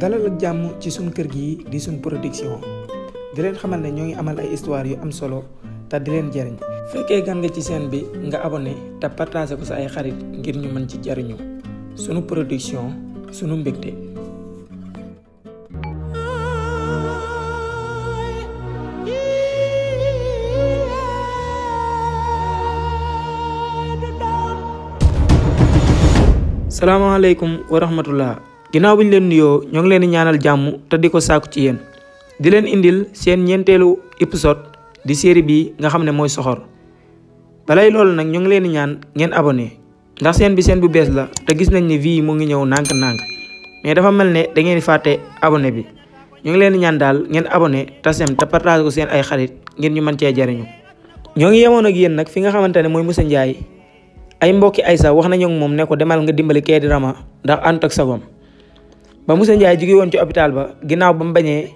dalal ak jàmm ci suñ kër gi di suñ production di leen xamal ne ñoo ngi amal ay histoire yu am solo te di leen jariñ fekkee gan nga ci seen bi nga abonné te partagé ko sa ay xarit ngir ñu mën ci jariñu sunu production sunu mbégte salaamaaleykum wa rahmatullah ginnaaw bi ñu leen nuyoo ñoo ngi leen di ñaanal jàmm te di ko sàkku ci yéen di leen indil seen ñeenteelu épisode di série bi nga xam ne mooy soxor balay loolu nag ñoo ngi leen di ñaan ngeen abonné ndax seen bi seen bu bees la te gis nañ ni vie mu ngi ñëw nànk-nànk mais dafa mel ne da ngeen fàtte abone bi ñoo ngi leen di ñaan daal ngeen abonné te sem te partage ko seen ay xarit ngir ñu mën cee jariñu ñoo ngi yemoon ak yéen nag fi nga xamante ne mooy Moussa Ndiaye ay mbokki Aïssa wax nañu moom ne ko demal nga dimbali kee di Rama ndax ànd ak sagoom ba Moussa Ndiaye jugee woon ci hôpital ba ginnaaw ba mu bañee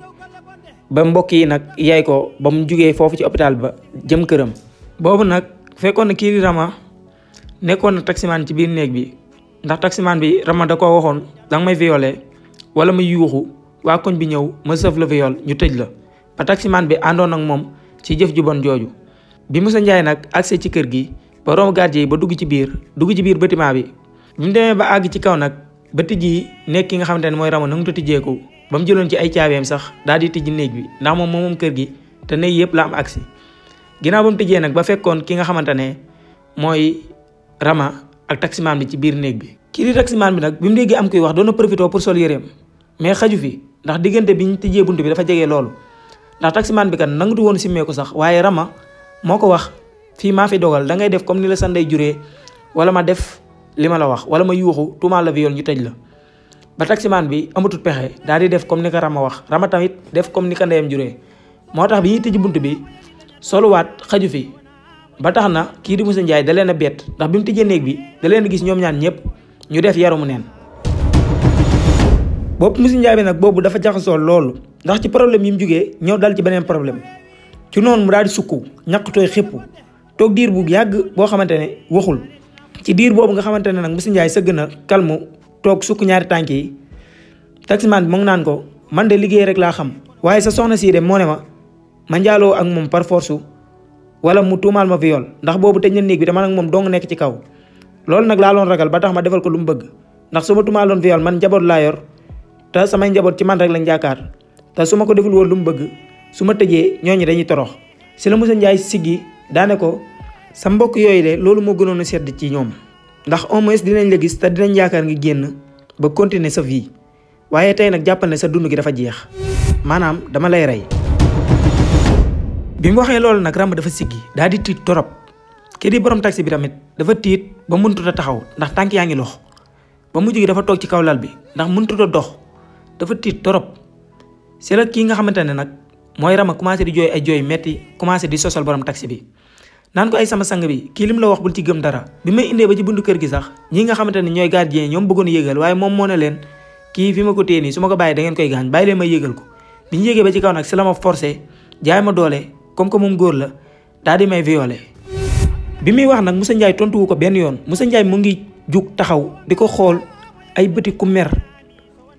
ba mbokk yi nag yaay ko ba mu jugee foofu ci hôpital ba jëm këram. boobu nag fekkoon na kii di nekkoon na taximaan ci biir néeg bi ndax taximaan bi Rama da koo waxoon danga may violé wala muy yuuxu waa koñ bi ñëw ma sëf la ñu tëj la ba taximaan bi àndoon ak moom ci jëf ju bon jooju bi Moussa Ndiaye nag agsee ci kër gi. ba romb gardien yi ba dugg ci biir dugg ci biir bâtiment bi bi mu demee ba àgg ci kaw nag ba tijji nekk ki nga xamante ne mooy Ramon na nga tijjeeku ba mu jëloon ci ay caabeem sax daal di tijji néeg bi ndax moom moom kër gi te néeg yëpp la am agsi ginnaaw ba mu tijjee nag ba fekkoon ki nga xamante ne mooy Rama ak taximaan bi ci biir néeg bi. kii di taximaan bi nag bi mu gi am kuy wax doon na profité pour sol yéreem mais xaju fi ndax diggante bi ñu tijjee bunt bi dafa jege loolu ndax taximaan bi kat nangutu woon simmeeku sax waaye Rama moo ko wax. fii maa fi dogal da ngay def comme ni la sa ndey juree wala ma def li ma la wax wala ma yuuxu tuumaal la viol ñu tëj la ba taximaan bi amatul pexe daal di def comme ni ko Rama wax Rama tamit def comme ni ko ndeyam juree moo tax bi ñuy tëj bunt bi soluwaat xaju fi ba tax na kii di Moussa Ndiaye da leen a bett ndax bi mu tijjee néeg bi da leen gis ñoom ñaan ñëpp ñu def yaramu neen bopp Moussa Ndiaye bi nag boobu dafa jaxasoo loolu ndax ci problème yi mu jugee ñëw dal ci beneen problème ci noonu mu daal di sukku ñàkkutooy xépp toog diir bu yàgg boo xamante ne waxul ci diir boobu nga xamante ne nag monsieur Ndiaye sëgg na kalmu toog sukk ñaari tànk yi taximaan bi moom ngi naan ko man de liggéey rek laa xam waaye sa soxna sii de moo ne ma ma njaaloo ak moom par force wala mu tuumaal ma viol ndax boobu te na néeg bi dama nag moom doo dong nekk ci kaw loolu nag laa loon ragal ba tax ma defal ko lu mu bëgg ndax su ma tuumaaloon viol man njaboot laa yor te samay njaboot ci man rek lañ jaakaar te su ma ko deful lu mu bëgg su ma tëjee ñooñu dañuy torox si sa mbokk yooyu de loolu moo gënoon a sedd ci ñoom ndax au moins dinañ la gis te dinañ yaakaar ngi génn ba continuer sa vie waaye tey nag jàppal ne sa dund gi dafa jeex maanaam dama lay rey. bi mu waxee loolu nag Rama dafa siggi daal di tiit torop kii borom taxi bi tamit dafa tiit ba mënut a taxaw ndax tànk yaa ngi lox ba mujj gi dafa toog ci kaw lal bi ndax mënut ta dox dafa tiit torop si la kii nga xamante ne nag mooy Rama commencé di jooy ay jooy metti commencé di sosal borom taxi bi. naan ko ay sama sang bi kii lim la wax bul ci gëm dara bi may indee ba ci buntu kër gi sax ñi nga xamante ne ñooy gardien ñoom bëggoon yéegal waaye moom moo ne leen kii fi ma ko téye nii su ma ko bàyyi da koy gaañ bàyyi leen ma ko bi ñu yéegee ba ci kaw nag si jaay ma doole comme que moom góor la daal di may violé bi muy wax nag Moussa Ndiaye tontuwu ko benn yoon Moussa Ndiaye mu ngi jug taxaw di ko xool ay bëti ku mer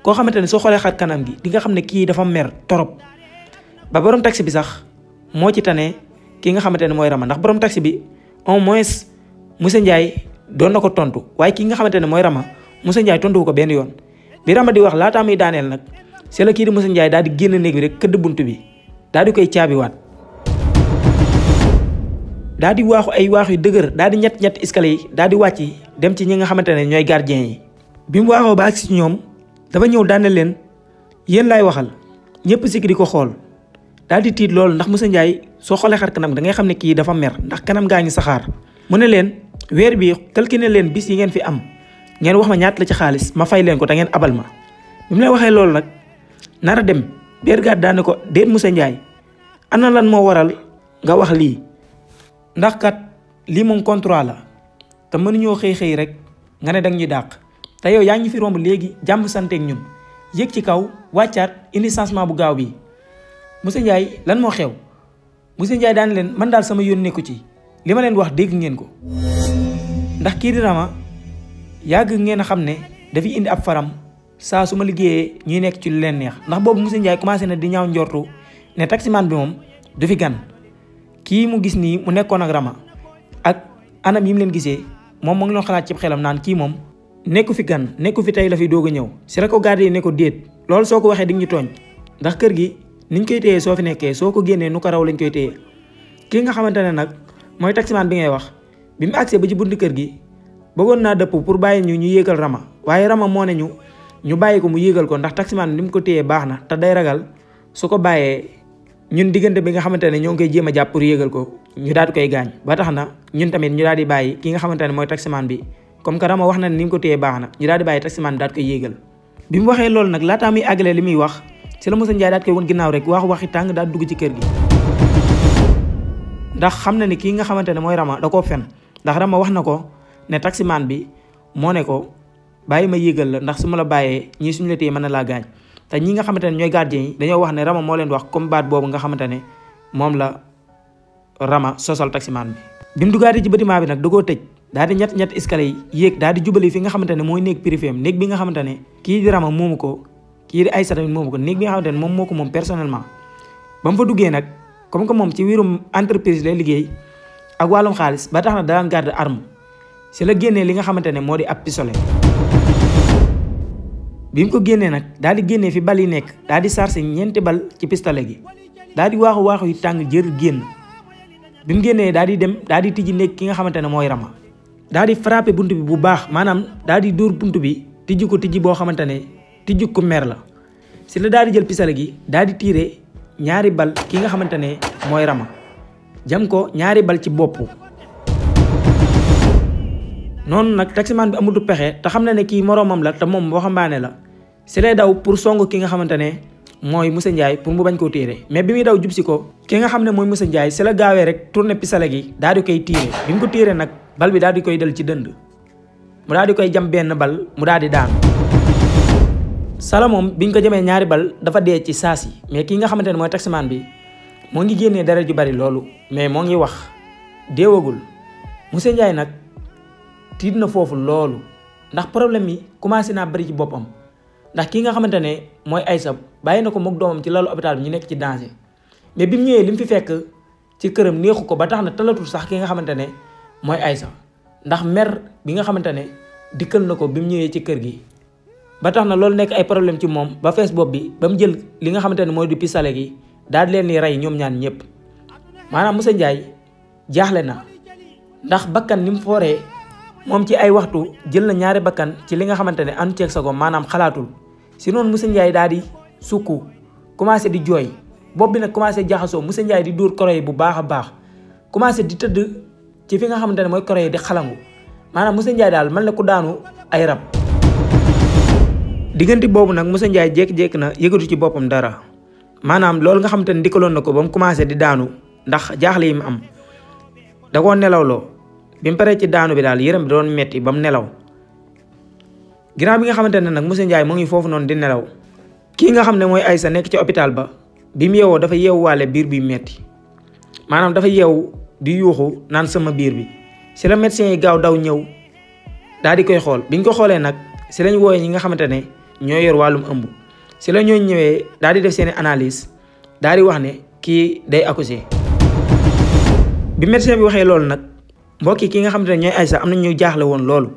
koo xamante ne soo xoolee xar kanam gi di nga xam ne kii dafa mer torop ba borom taxi bi sax moo ci tane ki nga xamante ne mooy rama ndax borom taxi bi au moins Moussa Ndiaye doon na ko tontu waaye kii nga xamante ne mooy rama Moussa Ndiaye tontu ko benn yoon bi rama di wax laataa muy daaneel nag c'est la kii di Moussa Ndiaye daal di génn néeg bi rek këdd bunt bi daal di koy caabiwaat daal di waaxu ay waax yu dëgër daal di ñett ñett escalier yi daal di wàcc dem ci ñi nga xamante ne ñooy gardien yi bi mu waaxoo ba agsi ci ñoom dafa ñëw daane leen yéen laay waxal ñëpp sikk di ko xool daal di tiit loolu ndax Moussa Ndiaye soo xoolee xar kanam dangay xam ne kii dafa mer ndax kanam gaa ñu saxaar mu ne leen weer bii calculer leen bis yi ngeen fi am ngeen wax ma ñaata la ci xaalis ma fay leen ko da ngeen abal ma bi mu lay waxee loolu nag nar a dem Bergade daane ko déet Moussa Ndiaye na lan moo waral nga wax lii ndax kat lii moom contrat la te mënuñoo xëy xëy rek nga ne danga ñuy dàq te yow yaa ngi fi romb léegi jàmm santeeg ñun yéeg ci kaw wàccaat indi changement bu gaaw bi Moussa Ndiaye lan moo xew monsieur Ndiaye daan leen man daal sama yoon nekku ci li ma leen wax dégg ngeen ko ndax kii di Rama yàgg ngeen a xam ne dafa indi ab faram saa su ma liggéeyee ñuy nekk ci lu leen neex ndax boobu monsieur Ndiaye commencé na di ñaaw njortu ne taximaan bi moom du fi gan kii mu gis nii mu nekkoon ak Rama ak anam yi mu leen gisee moom mu ngi doon xalaat ci xelam naan kii moom nekku fi gan nekku fi tey la fi doog a ñëw si la ko garde yi ne ko déet loolu soo ko waxee di ñu tooñ ndax kër gi niñ koy téyee soo fi nekkee soo ko génnee nu ko raw lañ koy téye kii nga xamante ne nag mooy taximaan bi ngay wax bi mu agsee ba ci bunt kër gi bëggoon naa dëpp pour bàyyi ñu ñu yéegal rama waaye rama moo ne ñu ñu bàyyi ko mu yéegal ko ndax taximaan bi ni mu ko téyee baax na te day ragal su ko bàyyee ñun diggante bi nga xamante ne ñoo ngi koy jéem a jàpp ko ñu daal di koy gaañ ba tax na ñun tamit ñu daal di bàyyi ki nga xamante ne mooy taximaan bi comme que rama wax na ni mu ko téyee baax na ñu daal di bàyyi taximaan bi daal di koy yéegal bi mu waxee li muy wax si la Moussa Ndiaye daat koy woon ginnaaw rek wax waxi tàng daal dugg ci kër gi ndax xam na ni kii nga xamante ne mooy Rama da koo fen ndax Rama wax na ko ne taximaan bi moo ne ko bàyyi ma yéegal la ndax su ma la bàyyee ñii suñu la téye mën na laa gaañ te ñi nga xamante ne ñooy gardien yi dañoo wax ne Rama moo leen wax comme baat boobu nga xamante ne moom la Rama sosal taximaan bi bi mu duggaatee ci bâtiment bi nag da koo tëj daal di ñett ñett escalier yi yéeg daal di jubali fi nga xamante ne mooy néeg piri am néeg bi nga xamante ne kii di Rama moomu ko kii ay Aïssa tamit ko néeg bi nga xamante ne moom moo ko moom personnellement ba fa duggee nag comme que moom ci wirum entreprise lay liggéey ak wàllum xaalis ba tax na daan garde arme si la génnee li nga xamante ne moo di ab pistolet bi mu ko génnee nag daal di génnee fi bal yi nekk daal di chargé ñeenti bal ci pistolet gi daal di waaxu waaxu yu tàng jër génn bi mu génnee daal di dem daal di tijji nekk ki nga xamante ne mooy Rama daal di frappé bunt bi bu baax maanaam daal di dóor bunt bi tijji ko tijji boo xamante ne ti ku mer la si la daal di jël pisala gi daal di tiire ñaari bal ki nga xamante ne mooy rama jam ko ñaari bal ci boppu noonu nag taximaan bi amutu pexe te xam na ne kii moroomam la te moom waxambaane la si lay daw pour song ki nga xamante ne mooy Moussa Ndiaye pour mu bañ koo tiire mais bi muy daw jub si ko ki nga xam ne mooy Moussa Ndiaye si la gaawee rek tourné pisale gi daal di koy tiire bi mu ko tiire nag bal bi daal di koy dal ci dënd mu daal di koy jam benn bal mu daal di daanu sala moom biñ ko jëmee ñaari bal dafa dee ci saas yi mais ki nga xamante ne mooy taximaan bi moo ngi génnee dara ju bari loolu mais moo ngi wax déewagul monsieur Ndiaye nag tiit na foofu loolu ndax problème mi commencé naa bari ci boppam ndax ki nga xamante ne mooy Aïssa bàyyi na ko moog doomam ci lalu hôpital bi ñu nekk ci danger mais bi mu ñëwee li fi fekk ci këram ko ba tax na talatul sax ki nga xamante ne mooy Aïssa ndax mer bi nga xamante ne dikkal na ko bi mu ñëwee ci kër gi ba tax na loolu nekk ay problème ci moom ba fees bopp bi ba mu jël li nga xamante ne mooy du pisale gi daal di leen di rey ñoom ñaan ñëpp maanaam Moussa Ndiaye jaaxle na ndax bakkan ni mu fooree moom ci ay waxtu jël na ñaari bakkan ci li nga xamante ne andu sa ko maanaam xalaatul si noonu Moussa Ndiaye daal di sukk commencé di jooy bopp bi na commencé jaxasoo Moussa Ndiaye di duur koro bu baax a baax commencé di tëdd ci fi nga xamante ne mooy koro di xalangu maanaam Moussa Ndiaye daal mel na ku daanu ay rab diggante boobu nag Moussa Ndiaye jékki-jékki na yëgatu ci boppam dara maanaam loolu nga xam te ne na ko ba mu commencé di daanu ndax jaaxle yi mu am da koo nelawloo bi mu paree ci daanu bi daal yërëm bi doon metti ba mu nelaw ginnaaw bi nga xamante ne nag Moussa Ndiaye mu ngi foofu noonu di nelaw kii nga xam ne mooy ay sa nekk ci hôpital ba bi mu yeewoo dafa yeewuwaale biir bi metti maanaam dafa yeewu di yuuxu naan sama biir bi si la médecin yi gaaw daw ñëw daal di koy xool biñ ko xoolee nag si lañ wooyee ñi nga xamante ne ñoo yor wàllum ëmb si la ñoo ñëwee daal di def seeni analyse daal di wax ne kii day accoucher bi médecin bi waxee loolu nag mbokki ki nga xamante ne ñooy Aïssa am na ñu jaaxle woon loolu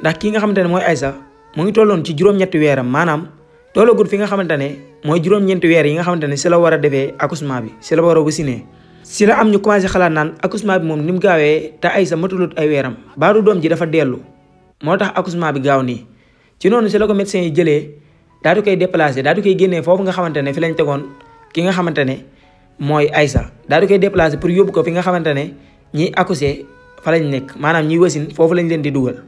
ndax ki nga xamante ne mooy Aïssa mu ngi tolloon ci juróom-ñetti weeram maanaam tollagul fi nga xamante ne mooy juróom-ñeenti weer yi nga xamante ne si la war a defee accouchement bi si la war a wasinee si la am ñu commencé xalaat naan accouchement bi moom ni mu gaawee te Aïssa matalut ay weeram baadu doom ji dafa dellu moo tax accouchement bi gaaw nii ci noonu si la ko médecin yi jëlee daa di koy déplacé daa di koy génnee foofu nga xamante ne fi lañ tegoon ki nga xamante ne mooy Aïssa daa di koy déplacé pour yóbbu ko fi nga xamante ne ñiy accusé fa lañ nekk maanaam ñiy wasin foofu lañ leen di dugal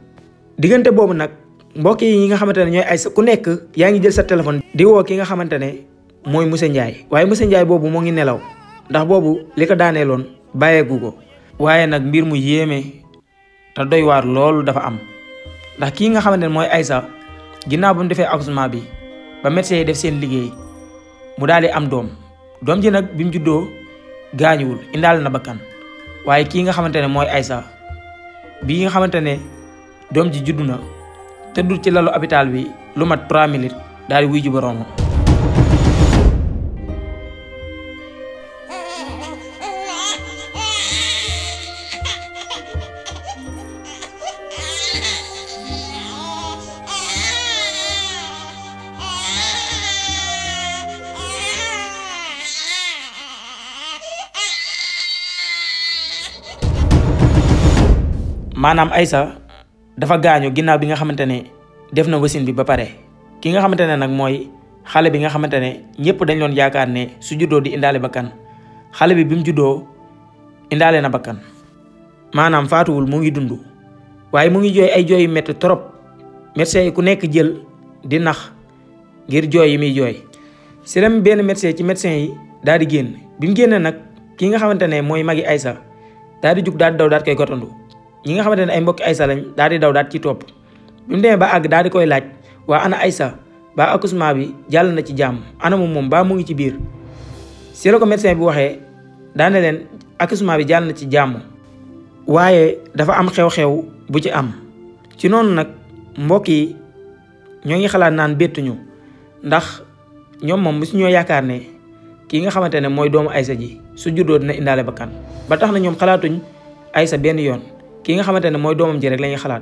diggante boobu nag mbokk yi nga xamante ne ñooy Aïssa ku nekk yaa ngi jël sa téléphone di ki nga xamante ne mooy monsieur Ndiaye waaye monsieur Ndiaye boobu moo ngi nelaw ndax boobu li ko daanee daaneeloon bàyyeeku ko waaye nag mbir mu yéeme ta doy waar loolu dafa am ndax kii nga xamante ne mooy ginnaaw bu mu defee accouchement bi ba médecin def seen liggéey mu daal di am doom doom ji nag bi mu juddoo gaañuwul indaal na bakkan waaye kii nga xamante ne mooy Aïssa bii nga xamante ne doom ji juddu na te tëddul ci lalu hôpital bi lu mat 3 minutes daal di wuy ji boroomam maanaam Aïssa dafa gaañu ginnaaw bi nga xamante ne def na wasin bi ba pare ki nga xamante ne nag mooy xale bi nga xamante ne ñëpp dañ doon yaakaar ne su juddoo di indaale bakkan xale bi bi mu juddoo indaale na bakkan maanaam faatuwul mu ngi dund waaye mu ngi jooy ay jooy yu métti trop médecin yi ku nekk jël di nax ngir jooy yi muy jooy si dem benn médecin ci médecin yi daal di génn bi mu génnee nag ki nga xamante ne mooy magi Aïssa daal di jug daal di daw daal koy gotandu ñi nga xamante ne ay mbokki Aysa lañ daal di daw daal ci topp bi mu demee ba àgg daal di koy laaj waa ana Aysa ba accouchement bi jàll na ci jàmm ana moom moom ba mu ngi ci biir si la ko médecin bi waxee daane leen accouchement bi jàll na ci jàmm waaye dafa am xew-xew bu ci am ci noonu nag mbokk yi ñoo ngi xalaat naan bettuñu ndax ñoom moom mosu ñoo yaakaar ne kii nga xamante ne mooy doomu Aysa ji su juddoo dina indaale ba kan ba tax na ñoom xalaatuñ Aysa benn yoon kii nga xamante ne mooy doomam ji rek la ñuy xalaat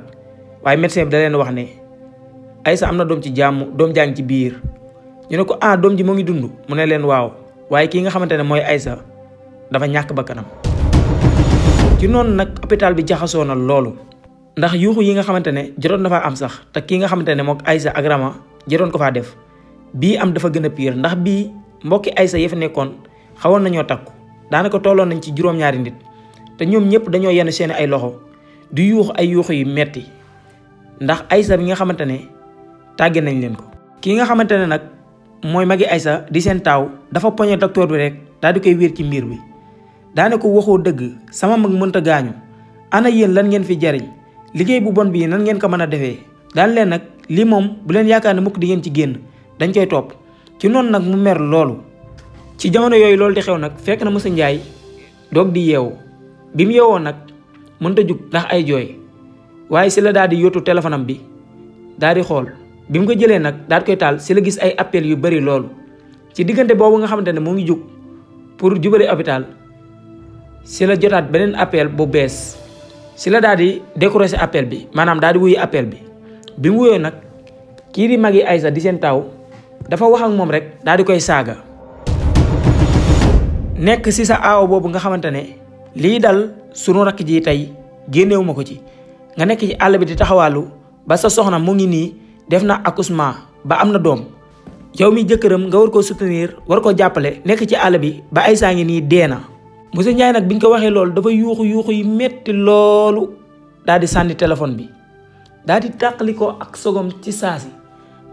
waaye médecin bi da leen wax ne Aïssa am na doom ci jàmm doom jàng ci biir ñu ne ko ah doom ji moo ngi dund mu ne leen waaw waaye kii nga xamante ne mooy Aïssa dafa ñàkk ba kanam ci noonu nag hôpital bi jaxasoo na loolu ndax yuuxu yi nga xamante ne jotoon na am sax te kii nga xamante ne mook Aïssa ak Rama jotoon ko faa def bii am dafa gën a pire ndax bii mbokki Aïssa ya fa nekkoon xawoon nañoo takku daanaka tolloon nañ ci juróom-ñaari te ñoom ñëpp dañoo yenn seeni ay loxo di yuux ay yuuxu yu metti ndax aysa bi nga xamante ne tàgge nañ leen ko ki nga xamante ne nag mooy magi aysa di seen taaw dafa poñe docteur bi rek daal di koy wéer ci miir bi daane ko waxoo dëgg sama mag mënta gaañu ana yéen lan ngeen fi jariñ liggéey bu bon bi nan ngeen ko mën a defee daan leen nag li moom bu leen yaakaar ne mukk di ngeen ci génn dañ koy topp ci noonu nag mu mer loolu ci jamono yooyu loolu di xew nag fekk na Moussa Ndiaye doog di yeewu nag mënta jug ndax ay jooy waaye si la daal di yóotu téléphone bi daal di xool bi mu ko jëlee nag daal di koy taal si la gis ay appel yu bari loolu ci diggante boobu nga xamante ne mu ngi jug pour jubale hôpital si la jotaat beneen appel bu bees si la daal di décroché appel bi maanaam daal di wuyu appel bi bi mu wuyoo nag kii di magi Aïssa di seen taw dafa wax ak moom rek daal di koy saaga nekk si sa aaw boobu nga xamante ne lii dal su sunu rakk ji tey génnewu ma ko ci nga nekk ci àll bi di taxawaalu ba sa soxna mu ngi nii def na accouchement ba am na doom yow mi jëkkëram nga war koo soutenir war koo jàppale nekk ci àll bi ba ay saa ngi nii dee na monsieur Ndiaye nag bi nga ko waxee loolu dafa yuuxu yuuxu yi metti loolu daal di sànni téléphone bi daal di tàqali ko ak sogom ci saasi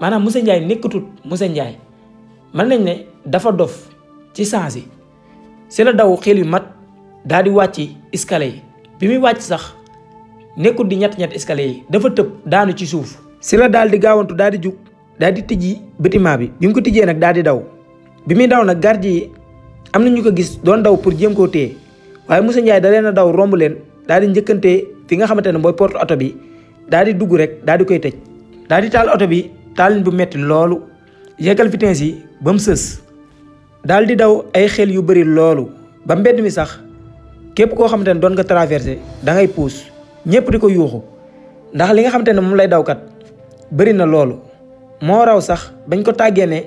maanaam monsieur Ndiaye nekkatut monsieur Ndiaye mën nañ ne dafa dof ci saa si la daw xel yu mat daa di wàcc escalier yi bi muy wàcc sax nekkul di ñett ñett escalier yi dafa tëb daanu ci suuf. si la daal di gaawantu daal di jug daal di tijji bâtiment bi bi mu ko tijjee nag daal di daw bi muy daw nag gardien yi am na ñu ko gis doon daw pour jéem koo téye waaye Moussa Ndiaye da leen daw romb leen daal di njëkkante fi nga xamante ne mooy port oto bi daal di dugg rek daal di koy tëj daal di taal oto bi taalin bu metti loolu yeggal vitesse si ba mu sës daal di daw ay xel yu bëri loolu ba mbedd mi sax. képp koo xamante ne doon nga traversé da ngay puus ñëpp di ko yuuxu ndax li nga xamante ne moom lay dawkat bëri na loolu moo raw sax bañ ko tàggee ne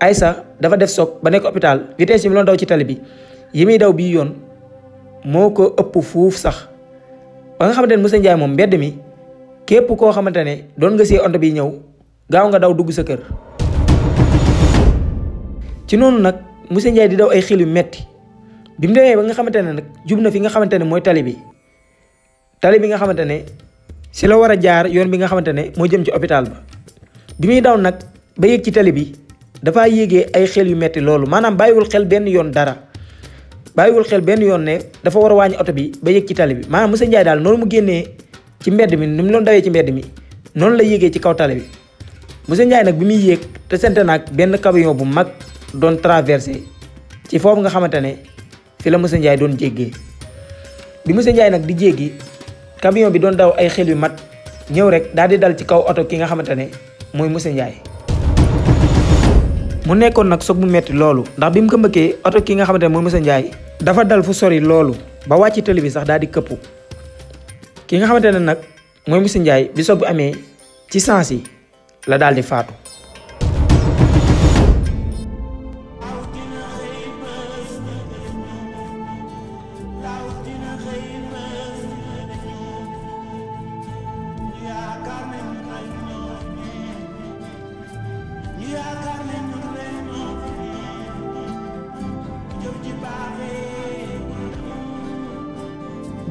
Aïssa dafa def soog ba nekk hôpital vitesse yi mu doon daw ci tali bi yi muy daw bii yoon moo ko ëpp fuuf sax ba nga xamante ne Moussa Ndiaye moom mbedd mi képp koo xamante ne doon nga see oto bi ñëw gaaw nga daw dugg sa kër ci noonu nag Moussa Ndiaye di daw ay xil yu metti bi mu demee ba nga xamante ne nag jub na fi nga xamante ne mooy tali bi tali bi nga xamante ne si la war a jaar yoon bi nga xamante ne moo jëm ci hôpital ba bi muy daw nag ba yéeg ci tali bi dafaa yéegee ay xel yu metti loolu maanaam bàyyiwul xel benn yoon dara bàyyiwul xel benn yoon ne dafa war a wàññi oto bi ba yéeg tali bi maanaam monsieur Ndiaye daal noonu mu génnee ci mbedd mi ni mu doon dawee ci mbedd mi noonu la yéegee ci kaw tali bi monsieur Ndiaye nag bi muy yéeg te sente naag benn camion bu mag doon traversé ci foofu nga xamante ne fii la monsieur Ndiaye doon jéggee bi monsieur Ndiaye nag di jéggi camion bi doon daw ay xel yu mat ñëw rek daal di dal ci kaw oto ki nga xamante ne mooy monsieur Ndiaye. mu nekkoon nag soog mu metti loolu ndax bi mu ko mbëkkee oto ki nga xamante ne mooy monsieur Ndiaye dafa dal fu sori loolu ba wàcc tëli bi sax daal di këpp ki nga xamante ne nag mooy monsieur Ndiaye bi soog bi amee ci sens yi la daal di faatu.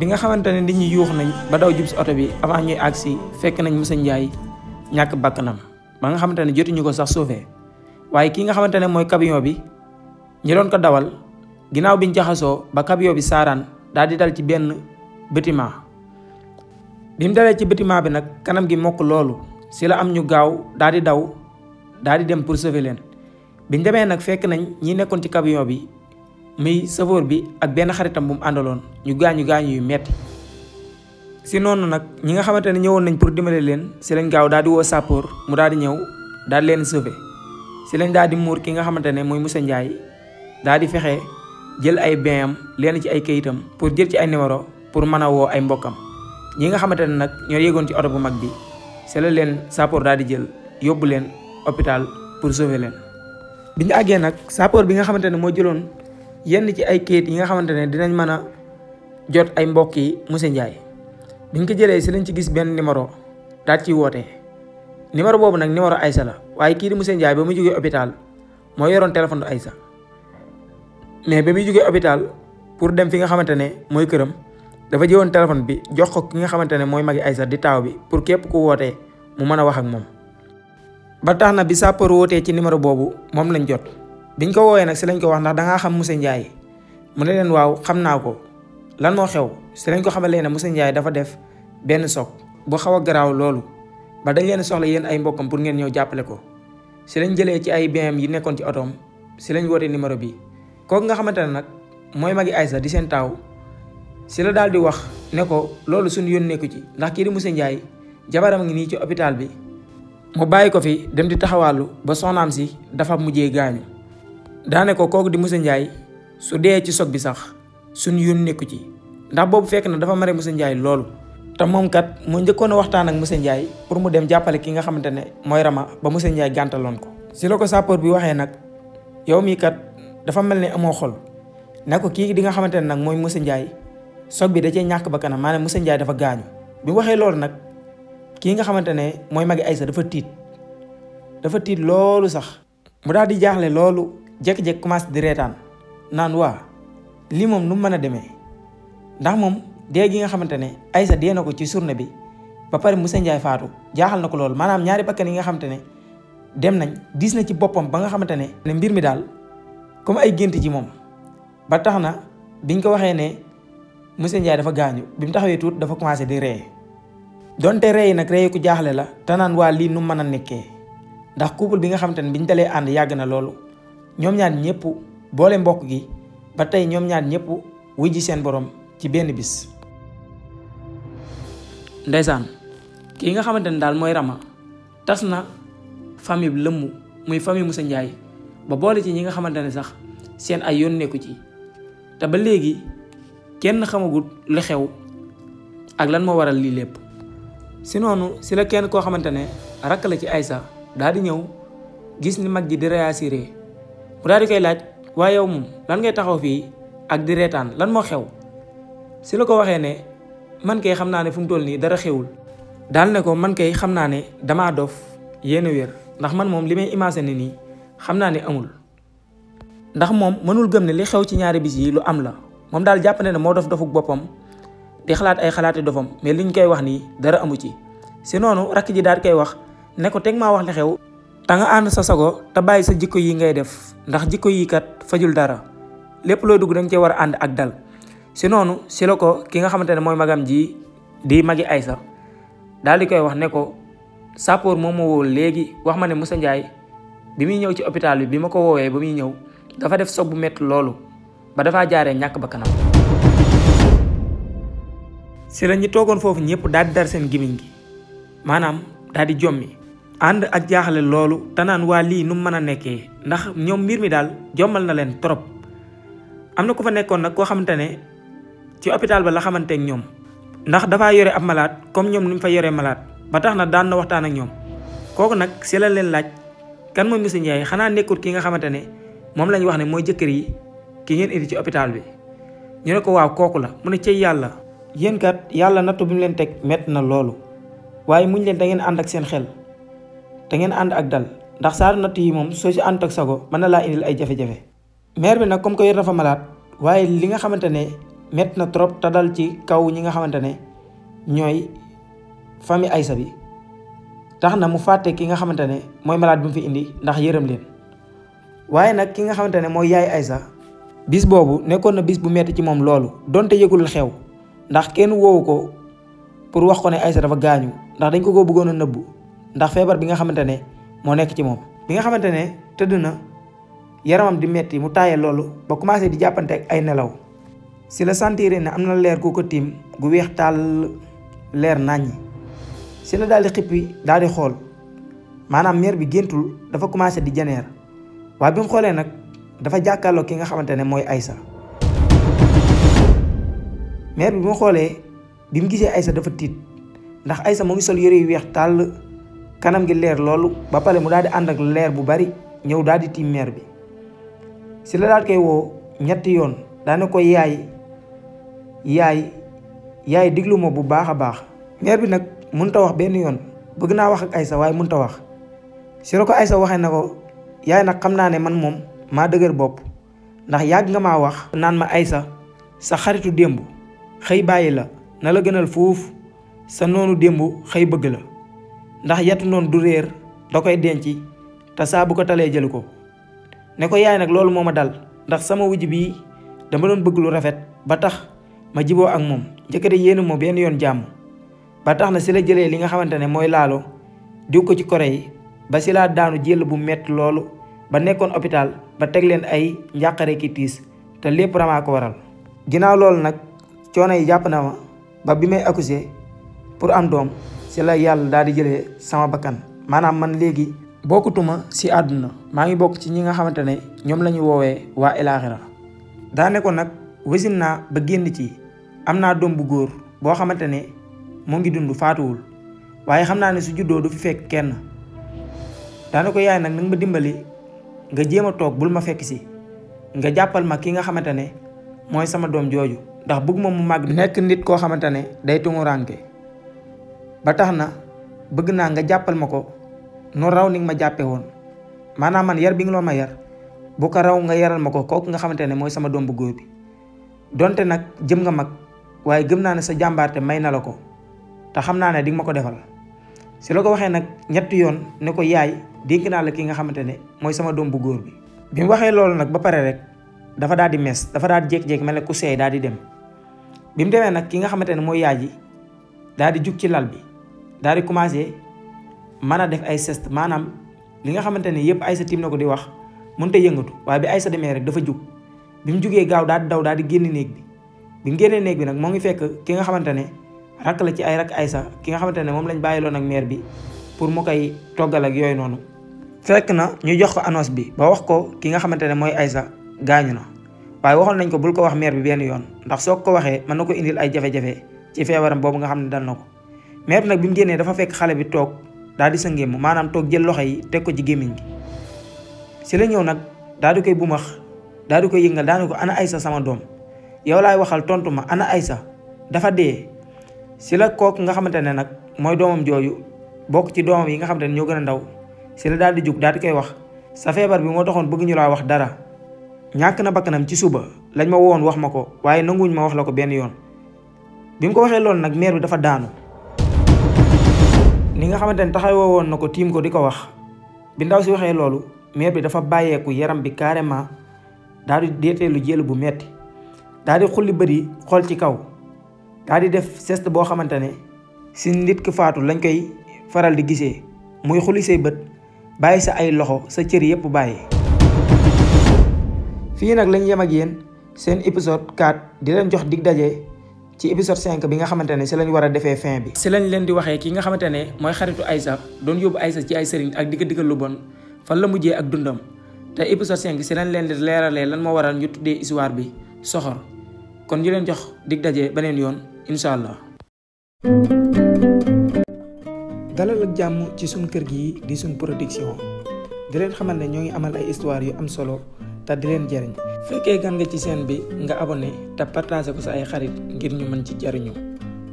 bi nga xamante ne nit ñi yuux nañ ba daw jub si oto bi avant ñuy agsi fekk nañ Moussa Ndiaye ñàkk bakkanam ba nga xamante ne jotuñu ko sax sauver waaye ki nga xamante ne mooy camion bi ñi doon ko dawal ginnaaw biñ jaxasoo ba camion bi saaraan daal di dal ci benn bâtiment bi mu dalee ci bâtiment bi nag kanam gi mokk loolu si la am ñu gaaw daal di daw daal di dem pour sauver leen bi demee nag fekk nañ ñi nekkoon ci camion bi muy sëfoor bi ak benn xaritam bu mu àndaloon ñu gaañu gaañu yu metti si noonu nag ñi nga xamante ne ñëwoon nañ pour dimbale leen si lañ gaaw daal woo sàppoor mu daal di di leen sauver si lañ daal di muur ki nga xamante ne mooy Moussa Ndiaye daal di fexe jël ay bainam leen ci ay kayitam pour jël ci ay numéro pour mën a woo ay mbokkam ñi nga xamante ne nag ñoo yéegoon ci oto bu mag bi si leen sàppoor daal di jël yóbbu leen hôpital pour sauver leen. bi nga xamante ne moo jëloon yenn ci ay kayit yi nga xamante ne dinañ mën a jot ay mbokk yi monsieur Ndiaye biñ ko jëlee si lañ ci gis benn numéro daal ciy woote numéro boobu nag numéro Aïssa la waaye kii di monsieur Ndiaye ba mu jógee hôpital moo yoroon téléphone du Aïssa mais ba muy jógee hôpital pour dem fi nga xamante ne mooy këram dafa jëwoon téléphone bi jox ko ki nga xamante ne mooy magi Aïssa di taaw bi pour képp ku wootee mu mën a wax ak moom ba tax na bi sàppar wootee ci numéro boobu moom lañ jot biñ ko woowee nag si lañ ko wax ndax dangaa xam monsieur Ndiaye mu ne leen waaw xam naa ko lan moo xew si lañ ko xamalee ne monsieur Ndiaye dafa def benn soog bu xaw a garaaw loolu ba dañ leen soxla yéen ay mbokkam pour ngeen ñëw jàppale ko si lañ jëlee ci ay BM yi nekkoon ci otoom si lañ woote numéro bi kooku nga xamante ne nag mooy magi Aïssa di seen taaw si la daal di wax ne ko loolu suñu yoon nekku ci ndax kii di monsieur Ndiaye jabaram ngi nii ci hôpital bi mu bàyyi ko fi dem di taxawaalu ba soxnaam si dafa mujjee gaañu daane ko kooku di Moussa Ndiaye su dee ci sog bi sax suñ yoon nekku ci ndax boobu fekk na dafa mare Moussa Ndiaye loolu te moom kat mu njëkkoon a waxtaan ak Moussa Ndiaye pour mu dem jàppale ki nga xamante ne mooy Rama ba Moussa Ndiaye gàntaloon ko si la ko sapeur bi waxee nag yow mii kat dafa mel ni amoo xol ne kii di nga xamante ne nag mooy Moussa Ndiaye sog bi da cee ñàkk ba kanam maanaam Moussa Ndiaye dafa gaañu bi waxee loolu nag kii nga xamante ne mooy magi Aïssa dafa tiit dafa tiit loolu sax mu daal di jaaxle loolu jékki-jékki commencé di reetaan naan waa lii moom nu mu mën a demee ndax moom dee gi nga xamante ne sa dee na ko ci surne bi ba pare Moussa Ndiaye faatu jaaxal na ko loolu maanaam ñaari bakkan yi nga xamante ne dem nañ diis na ci boppam ba nga xamante ne. ne mbir mi daal comme ay gént ji moom ba tax na biñ ko waxee ne Moussa Ndiaye dafa gaañu bi mu taxawee tuut dafa commencé di ree donte ree yi nag ree ku jaaxle la te naan waa lii nu mu mën a nekkee ndax couple bi nga xamante ne biñ dalee ànd yàgg na loolu. ñoom ñaar ñëpp boole mbokk gi ba tey ñoom ñaar ñëpp wuy ji seen borom ci benn bis. ndeysaan kii nga xamante ne daal mooy Rama tas na famille bi lëmm muy famille Moussa Ndiaye ba boole ci ñi nga xamante ne sax seen ay yoon nekku ci te ba léegi kenn xamagut lu xew ak lan moo waral lii lépp. si noonu si la kenn koo xamante ne rakk la ci Aïssa daal di ñëw gis ni mag ji di réassuré mu daal di koy laaj waaye yow moom lan ngay taxaw fii ak di reetaan lan moo xew si la ko waxee ne man kay xam naa ne fu mu toll nii dara xewul. daal ne ko man kay xam naa ne damaa dof yéen wér ndax man moom li may imaginer nii xam naa ne amul ndax moom mënul gëm ne li xew ci ñaari bis yi lu am la moom daal jàpp na ne moo dof dofuk boppam di xalaat ay xalaati dofam mais liñ koy wax nii dara amu ci si noonu rakk ji daal koy wax ne ko teg maa wax li xew. te nga ànd sa sago te bàyyi sa jikko yi ngay def ndax jikko yi kat fajul dara lépp loo dugg danga nga war a ànd ak dal si noonu si la ko ki nga xamante ne mooy magam ji di magi Aysa daal di koy wax ne ko sàppoor moom moo woo léegi wax ma ne Moussa Ndiaye bi muy ñëw ci hôpital bi bi ma ko woowee ba muy ñëw dafa def soog bu metti loolu ba dafaa jaaree ñàkk ba kanam si la ñu toogoon foofu ñëpp daal di dar seen gimiñ gi maanaam daal di jommi ànd ak jaaxle loolu te naan waa lii nu mën a nekkee ndax ñoom mbir mi daal jombal na leen trop am na ku fa nekkoon nag koo xamante ne ci hôpital bi la xamanteeg ñoom ndax dafa yore ab malaat comme ñoom ni mu fa yore malaat ba tax na daan na waxtaan ak ñoom kooku nag si la leen laaj kan mooy monsieur Ndiaye xanaa nekkut ki nga xamante ne moom lañu wax ne mooy jëkkër yi ki ngeen indi ci hôpital bi ñu ne ko waaw kooku la mu ne cey yàlla yéen yàlla nattu bi leen teg mett na loolu waaye muñ leen da ngeen ànd ak seen xel te ngeen ànd ak dal ndax saaru natt yi moom soo si ànd ak sago mën na laa indil ay jafe-jafe maire bi nag comme que yor na fa malaat waaye li nga xamante ne métti na trop te dal ci kaw ñi nga xamante ne ñooy fami Aïssa bi tax na mu fàtte ki nga xamante ne mooy malaat bi fi indi ndax yërëm leen waaye nag ki nga xamante ne mooy yaay Aïssa bis boobu nekkoon na bis bu metti ci moom loolu donte yëgul xew ndax kenn wowu ko pour wax ko ne Aïssa dafa gaañu ndax dañ ko ko bëggoon a nëbbu ndax feebar bi nga xamante ne moo nekk ci moom bi nga xamante ne tëdd na yaramam di metti mu taaye loolu ba commencé di jàppante ak ay nelaw si la sentiré ne am na leer ku ko tiim gu weex tàll leer naññi si la daal di xippi daal di xool maanaam meer bi géntul dafa commencé di janeer waaye bi mu xoolee nag dafa jàkkaarloo ki nga xamante ne mooy Aïssa meer bi bi mu xoolee bi mu gisee Aïssa dafa tiit ndax Aïssa mu ngi sol yëre yu weex tàll kanam gi leer loolu ba pare mu daal di ànd ak leer bu bari ñëw daal di tiim meer bi si la daal koy woo ñetti yoon daane ko yaay yaay yaay diglu ma bu baax a baax meer bi nag mënta wax benn yoon bëgg naa wax ak Aysa waaye mënta wax si la ko Aysa waxee na ko yaay nag xam naa ne man moom maa dëgër bopp ndax yàgg nga maa wax naan ma Aysa sa xaritu démb xëy bàyyi la na la gënal foofu sa noonu démb xëy bëgg la ndax yatu noonu du réer da koy denc te saa bu ko talee jëlu ko ne ko yaay nag loolu moo ma dal ndax sama wujj bii dama doon bëgg lu rafet ba tax ma jiboo ak moom njëkkate yéenu ma benn yoon jàmm ba tax na si la jëlee li nga xamante ne mooy laalo diw ko ci kore yi ba si laa daanu jël bu metti loolu ba nekkoon hôpital ba teg leen ay njàqare ki tiis te lépp ramaa ko waral ginnaaw loolu nag coono yi jàpp na ma ba bi may accouché pour am doom si la yàlla daal di jëlee sama bakkan maanaam man léegi bokkutuma si àdduna maa ngi bokk ci ñi nga xamante ne ñoom la ñu woowee waa elaaxira daane ko nag wasin naa ba génn ci am naa doom bu góor boo xamante ne mu ngi dund faatuwul waaye xam naa ne su juddoo du fekk kenn daane ko yaay nag nag dimbali nga jéem a toog bul ma fekk si nga jàppal ma ki nga xamante ne mooy sama doom jooju ndax bëgg ma mu màgg nekk nit koo xamante ne day tumuranke ba tax na bëgg naa nga jàppal ma ko nu raw ni nga ma jàppee woon maanaam man yar bi nga loo ma yar bu ko raw nga yaral ma ko kooku nga xamante ne mooy sama doom bu góor bi donte nag jëm nga mag waaye gëm naa ne sa jàmbaarte may na la ko te xam naa ne di ma ko defal si la ko waxee nag ñetti yoon ne ko yaay dénk naa la ki nga xamante ne mooy sama doom bu góor bi. bi mu waxee loolu nag ba pare rek dafa daal di mes dafa daal di jékki-jékki mel ne ku seey daal di dem bi mu demee nag ki nga xamante ne mooy yaay ji daal di jug ci lal bi. daal di commencé mën a def ay geste maanaam li nga xamante ne yëpp Aïssa tiim na ko di wax mënut a yëngatu waaye bi Aïssa demee rek dafa jug bi mu jugee gaaw daal di daw daal di génn néeg bi bi mu génnee néeg bi nag moo ngi fekk ki nga xamante ne rakk la ci ay rakk ki nga xamante ne moom lañ bàyyiloon ak maire bi pour mu koy toggal ak yooyu noonu. fekk na ñu jox ko annonce bi ba wax ko ki nga xamante ne mooy Aïssa gaañu na waaye waxoon nañ ko bul ko wax maire bi benn yoon ndax soo ko waxee mën na ko indil ay jafe-jafe ci feebaram boobu nga xam ne dal na ko. maire bi nag bi mu génnee dafa fekk xale bi toog daal di sa ngémm maanaam toog jël loxo yi teg ko ci gémmiñ gi si la ñëw nag daal di koy bumax daal di koy yëngal daane ko ana Aïssa sama doom yow laay waxal tontu ma ana Aïssa dafa dee si la kook nga xamante ne nag mooy doomam jooju bokk ci doomam yi nga xamante ne ñoo gën a ndaw si la daal di jug daal di koy wax sa feebar bi moo taxoon bëgg ñu laa wax dara ñàkk na bakkanam ci suba lañ ma woon wax ma ko waaye nanguwuñ ma wax la ko benn yoon bi mu ko waxee loolu nag maire dafa daanu ni nga xamante ne taxawoo woon na ko tiim ko di ko wax bi ndaw si waxee loolu maire bi dafa bàyyeeku yaram bi carrément daal di lu jël bu metti daal di xulli bët yi xool ci kaw daal def geste boo xamante ne si nit ki faatu lañ koy faral di gisee muy xulli say bët bàyyi sa ay loxo sa cër yépp bàyyi. fii nag lañ yem ak yéen seen épisode 4 di leen jox dig daje. ci épisode 5 bi nga xamante ne si lañ war a defee fin bi si lañ leen di waxee ki nga xamante ne mooy xaritu Aïssa doon yóbbu Aïssa ci ay sëriñ ak digga diggal lu bon fan la mujjee ak dundam te épisode 5 si lañ leen di leeralee lan moo waral ñu tuddee histoire bi soxor kon ñu leen jox di daje beneen yoon incha allah dalal ak jàmm ci suñ kër gi di suñ production di leen xamal ne ñoo ngi amal ay histoire yu am solo te di leen jëriñ fekkee gan nga ci seen bi nga abone te partagé ko sa ay xarit ngir ñu mën ci jariñu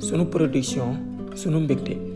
sunu production sunu mbégte